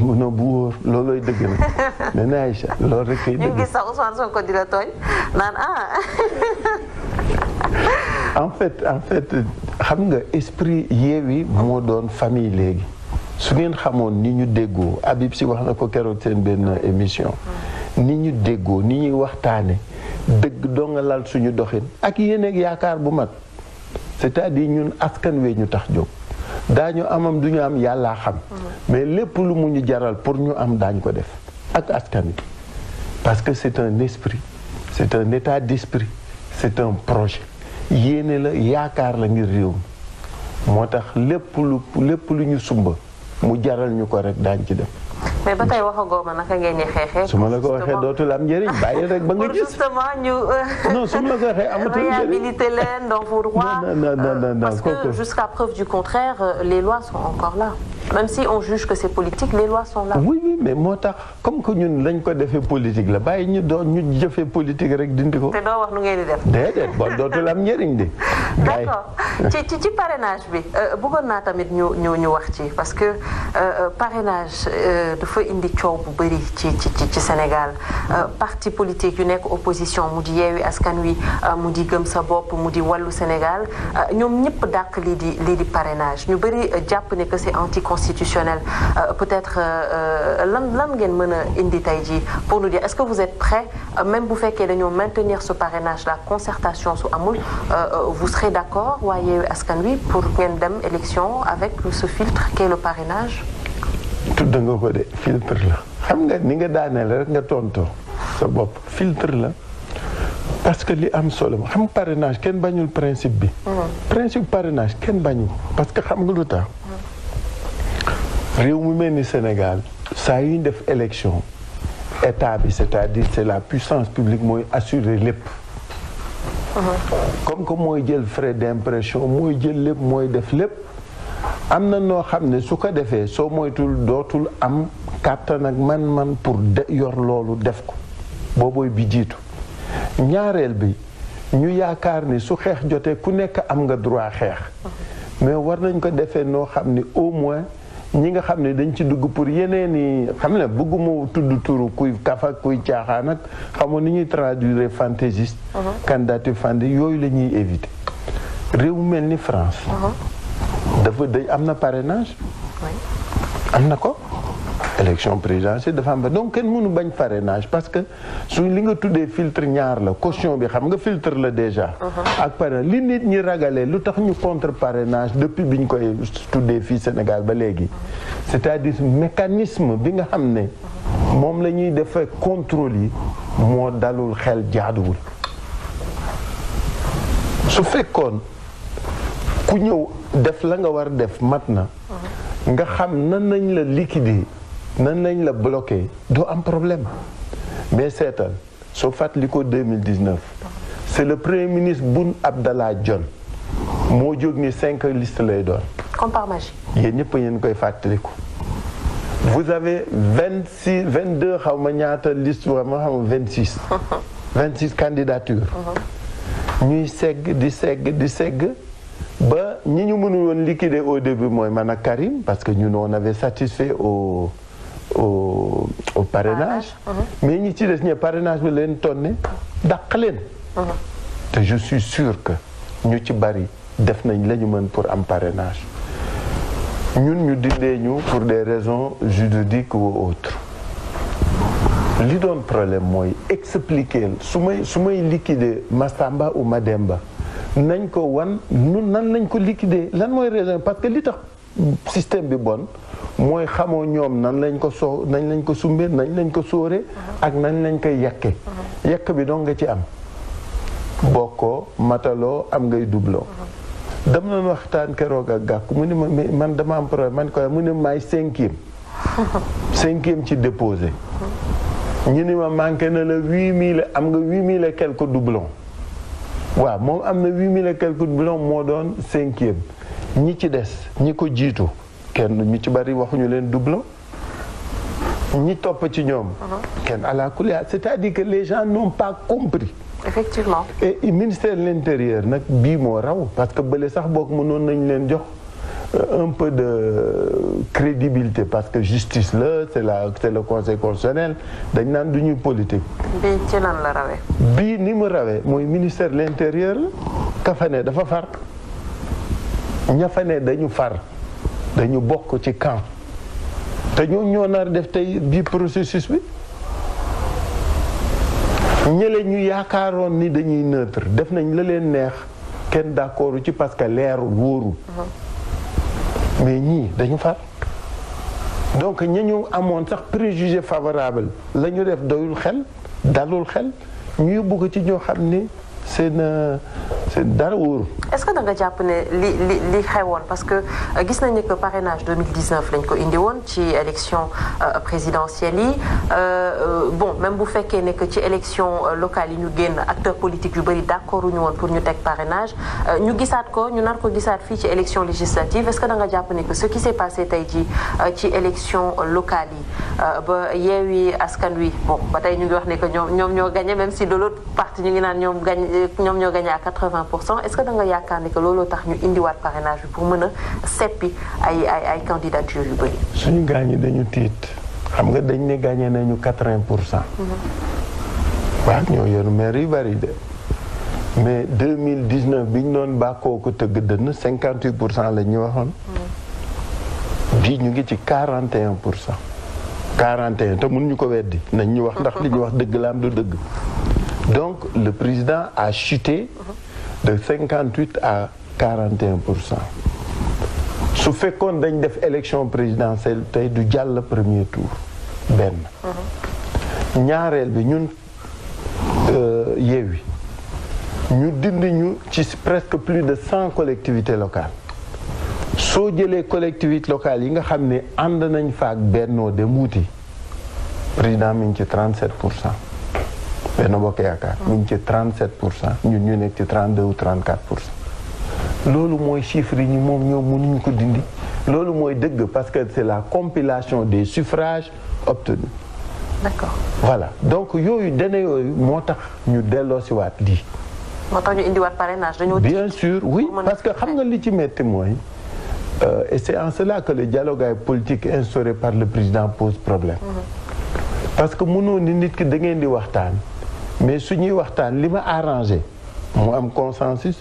mën a buur loolooy dëgg na nee na Aïcha loolu rek kay dëgg ñu gis sax Ousmane naan ah. en fait en fait xam nga esprit Yewwi moo doon famille léegi su ngeen xamoon ni ñu déggoo Habib si wax na ko keroog seen benn émission hmm. ni ñu déggoo ni ñuy waxtaane dëgg donga lal suñu doxin ak yéen yaakaar bu mag c'est-à-dire ñun askan wee ñu tax jóg daañu amam du ñu am yàllaa xam. mais lépp lu mu ñu jaral pour ñu am daañ ko def ak askan parce que c'est un esprit c'est un état d'esprit c'est un projet yéene la yaakaar la ngir réew mi moo tax lépp lu lépp lu ñu sumba mu jaral ñu ko rek daañ ci def. mais ba tay waxagoo ma naka ngeen di xeexee. su ma la ko waxee dootul am njëriñ bàyyi rek ba nga gis. justement ñu. non su ma la ko waxee jëriñ njëriñ réhabilité leen dans vos droits. parce que jusqu'à preuve du contraire euh, les lois sont encore là même si on juge que c'est politique les lois sont là. oui oui mais moi, ta, comme que ñun lañ ko defee politique la bàyyi ñu avons ñu fait politique rek dindi ko. te nous wax nu ngeen di def. déedéet bon dootul la njëriñ de. d'accord Tu ci ci parrainage bi euh, bëggoon naa tamit ñu ñu ñu wax ci parce que euh, euh, parrainage dafa indi coow bu bëri ci ci ci Sénégal parti politique yu opposition Nous dit hier, askan wi mu di gëm sa bopp mu di wàllu Sénégal ñoom ñëpp dàq lii di lii di parrainage ñu bëri jàpp ne que c'est anti euh, peut-être euh, euh, lan pour nous dire est-ce que vous êtes prêt, même vous pour que nous maintenir ce parrainage la concertation sur Amoul, vous serez d'accord est-ce Askan lui pour une élection avec ce filtre qu'est le parrainage. tout d'un coup le filtre là xam nga ni nga daaneel rek nga filtre là parce que li am parrainage ken le principe bi. Mm. principe parrainage ken bañul parce que xam nga sais réew mu ni Sénégal Ça yu ñu def élection état bi c'est-à-dire c'est la puissance publique mooy assurer lépp. comme que mooy jël frais d'impression mooy jël lépp mooy def flip. Amna no noo xam ne su ko defee tout moytul dootul am kàttan ak man-man pour de yor loolu def ko boobooy bi jiitu ñaareel bi ñu yaakaar ni su xeex jotee ku am nga droit mais war nañ ko defee no xam ne au moins ñi nga xam ne dañ ci dugg pour yeneen i xam ne bëgguma tudd turu kuy kafa kuy caaxaan ak xamoon ni ñuy traduire fantaisiste uh-huh. candidature fandi yooyu la ñuy éviter réew mel ni France uh-huh. dafa day am na pare parrainage am na ko élection présidentielle de femmes. donc kenn mënu bañ parrainage parce que su li nga tuddee filtre ñaar la caution bi xam nga filtre le déjà à uh-huh. parrainage li nit ñi ragalé, lu ñu contre parrainage depuis bi quoi tout défi Sénégal ba c'est-à-dire mécanisme bi nga xam ne moom la ñuy defee contrôle yi dalul xel jaaduwul ce fait ku ñëw def la war def matna na uh-huh. nga xam nan nañ la liquider nous le bloqué, il un problème. Mais c'est fait sauf en 2019, c'est le premier ministre Boun Abdallah John. Moi, je 5 cinq listes là Comme par magie. Il n'y a pas Vous avez 26, 22, je ne sais pas si listes, 26. 26 candidatures. Nous sommes ben, nous on liquide au début, moi, Karim, parce que nous, nous on avait satisfait au au parrainage. Uh-huh. mais ñi ci des ñe parrainage bi leen tonne uh-huh. te je suis sûr que ñu ci bari def nañ la ñu pour am parrainage ñun ñu disons pour des raisons juridiques ou autres li doon problème mooy expliquer su may su liquider Massamba ou Mademba nañ ko wan nun nan lañ ko liquider lan mooy raison parce que li système bi bon mooy xamoo ñoom nan lañ ko soo nañ lañ ko sumbe nañ lañ ko sóore ak nañ lañ koy yàkke yàkk bi donc nga ci am bokkoo mataloo am ngay dubloo dam na waxtaan keroog ak gàkk mu ne ma man dama am problème man koy mu ne maay cinquième cinquième ci déposé ñu ni ma manqué na la huit mille am nga huit mille et quelques doublons waaw moom am na huit mille et quelques doublons moo doon cinquième ñi ci dess ñi ko jitu kenn ñu ci bari waxuñu leen doublon ñi top ci ñoom. Uh-huh. kenn ala kulli c'est-à-dire que les gens n'ont pas compris. effectivement et le ministère de l'intérieur nak bi mo raw parce que bële sax boog mënoon nañ leen jox. Euh, un peu de crédibilité parce que justice là c'est la c'est le conseil constitutionnel dañ nan duñu politique. bi ci lan la rawé bi ni mu rawé moy ministère de l'intérieur la. ka fa dafa far ña fa ne dañu far dañu bokk ci camp te ñoo ñoo nar def tey bi processus bi ñële ñu yaakaaroon ni dañuy neutre def nañ la leen neex kenn d'accord ci parce que leerul wóorul uh-huh. mais ñii dañu far donc ña ñu amoon sax préjugé favorable la ñu def doyul xel dalul xel ñuy yóbbu ci ñoo xam ni seen c'est dara est-ce que dans le Japon, les li parce que euh, gis nañ que parrainage 2019 lañ ko indi woon ci élection euh, présidentielle euh, bon même si fekkee ne que ci élection locale nous ñu génn acteurs politiques yu bëri d'accord ñu nous pour ñu parrainage Nous avons ko ñu nar ko gisaat ci législative est-ce que dans le Japon, que ce qui s'est passé tey l'élection élection locale il y a eu Wi bon ba tey ñu que gagné même si de l'autre partie nous avons gagné à 80 100 est-ce que da nga yakane que lolo tax ñu indiwaat parrainage bi pour mëna a ay ay ay candidature yu bari. suñu gaañi dañu tiit xam nga dañ né gaañee nañu 80 Hmm. cent. waaw ñoo yor maire yu bëri mais 2019 biñ non ba ko ko teug deun 58 pour cent la ñu waxoon. bii ñu ngi ci 41 41 te mënuñu ko wéddi nañ ñu wax ndax li ñu wax dëgg la am du dëgg donc le président a chuté. -hmm de 58 à 41 sous fait su fekkoon a def élection présidentielle c'est du premier tour Nous, avons bi Nous euh, avons presque plus de 100 collectivités locales Si les collectivités locales yi nga xam ne nañ faak président 37 nous sommes 37 Nous, sommes 32 ou 34 parce que c'est la compilation des suffrages obtenus d'accord voilà donc nous avons bien sûr oui parce que xam nga euh, et c'est en cela que le dialogue politique instauré par le président pose problème mm-hmm. parce que nous ni nit ki mais suñuy waxtaan li arrangé mu un consensus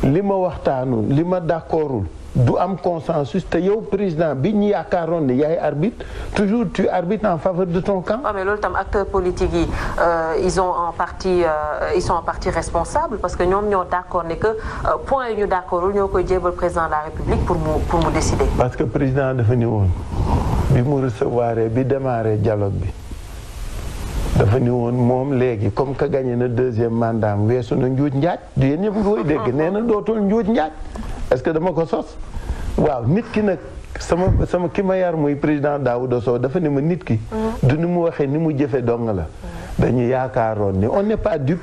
li ma waxtaanul nous, ma un consensus. am consensus te yow président bi ñu yaakaaroon ne yaay arbitre toujours tu arbitres en faveur de ton camp. Ah mais les acteurs politiques euh, euh, ils sont en partie responsables parce que nous, sommes d'accord ne que euh, point d'accord, ñu au ñoo président de la république pour nous décider. parce que le président est ni woon il mu recevoir bi démarrer dialogue dafa ni woon moom léegi comme que gagné na deuxième mandat am weesu na njuuj njaaj du yéen ñëpp nga koy dégg nee na dootul njuuj njaaj est-ce que dama ko sos waaw nit ki nag sama sama ki ma yar muy président Daouda Sow dafa ni ma nit ki du ni mu waxee ni mu jëfe dong la dañu yaakaaroon ni on n'est pas dupe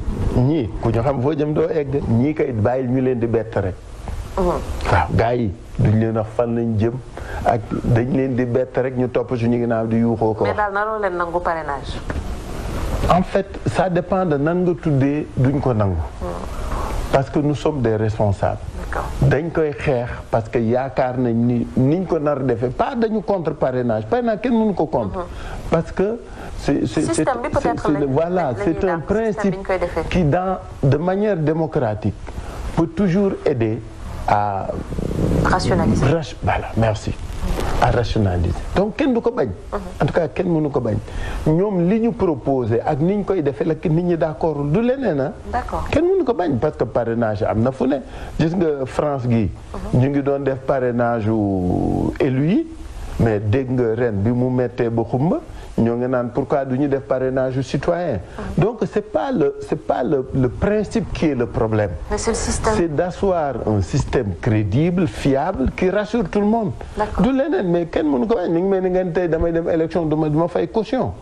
ñii ku ñu xam foo jëm doo egg ñii kay bàyyil ñu leen di bett rek. Uh-huh. waaw gars yi duñ leen a fan lañ jëm ak dañ leen di bett rek ñu topp suñu ginnaaw di yuuxoo ko. mais daal naroo leen nangu parrainage. en fait ça dépend de nan nga tuddee duñ ko nangu. Uh-huh. parce que nous sommes des responsables. dañ koy xeex parce que yaakaar nañ ni niñ ko nar a defee pas dañu contre parrainage parrainage kenn mënu ko contre. Uh-huh parce que c'est voilà un principe qui dans de manière démocratique peut toujours aider à rationaliser voilà merci à rationaliser donc qu'est-ce que ko mhm. en tout cas kenn ce ko bañ ñoom Nous, nous proposé ak ni ñu koy avons la nit ñi d'accord du leneen ah kenn mënu ko parce que parrainage il na que... gis France Guy, mhm. nous ngi doon parrainage u élu mais dès que ren bi mu mettee ba pourquoi ngi naan pourquoi parrainages aux def parrainage citoyen donc c'est pas le c'est pas le, le principe qui est le problème c'est d'asseoir un système crédible fiable qui rassure tout le monde D'où l'ennemi mais kenn mënu ko wàññi ni ngi mel ni damay dem élection duma fait fay caution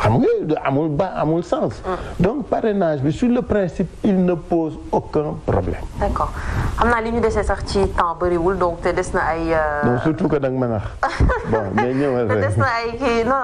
xam nga amul ba sens mm. donc parrainage mais sur le principe il ne pose aucun problème d'accord Nous avons li ñu sortir sax ci temps donc te des na ay euh, surtout que danga ma bon mais nous